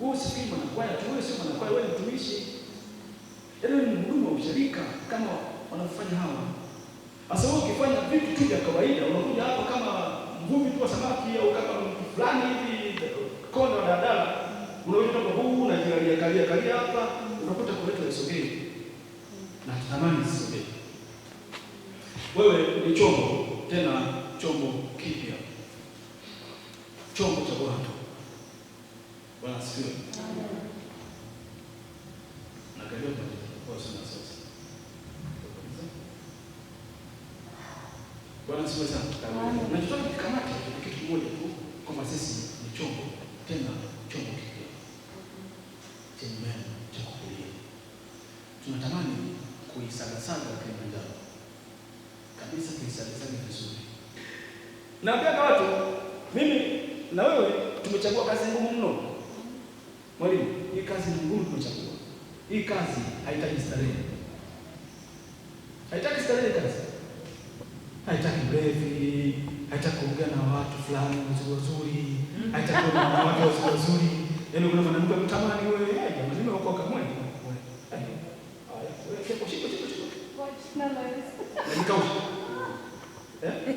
Wewe usifikiri mwanakwaya tu, wewe sio mwanakwaya, wewe mtumishi. Yaani ni mhudumu wa ushirika kama wanavyofanya hawa. Sasa wewe ukifanya vitu tu vya kawaida, unakuja hapa kama mvuvi tu wa samaki au kama fulani hivi kona wa dadala, unaoita kwa huu na jirani kalia kalia hapa, unakuta kuleta isogee. Na tamani isogee. Wewe ni chombo tena chombo kipya. Chombo asifiwe. Angalia kwa Bwana siwe sana. Na tunataka kukamata kitu kimoja tu kwamba sisi ni chombo tena chombo kipya. Amen. Tukulie. Tunatamani kuisagasaga Kilimanjaro. Kabisa kuisagasaga vizuri. Naambia watu mimi na wewe tumechagua kazi ngumu mno. Mwalimu, hii kazi ni ngumu kuchagua. Hii kazi haitaki starehe. Haitaki starehe kazi. Haitaki brevi, haitaki kuongea na watu fulani wazuri wazuri, haitaki kuwa na watu wazuri wazuri. Yaani kuna mwanamke mtamani wewe, eh, jamani mimi uko kama wewe. Haya, shika shika shika. Kwa na la Yesu. Eh?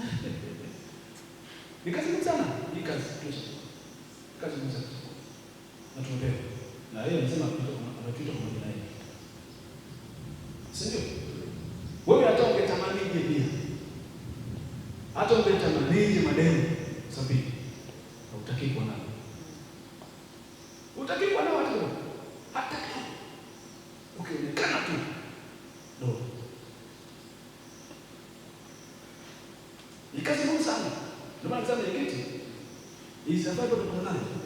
Ni kazi sana, ni kazi tosha. Kazi sana. Na tumepewa. Na yeye anasema anatuita kwa majina yake. Si ndio? Wewe hata ungetamani je pia. Hata ungetamani je madeni sabini. Hautaki kuwa nao. Utaki kuwa nao. Ni kazi ngumu sana. Ndio maana mwenyekiti, hii safari ndio tunakutana nayo.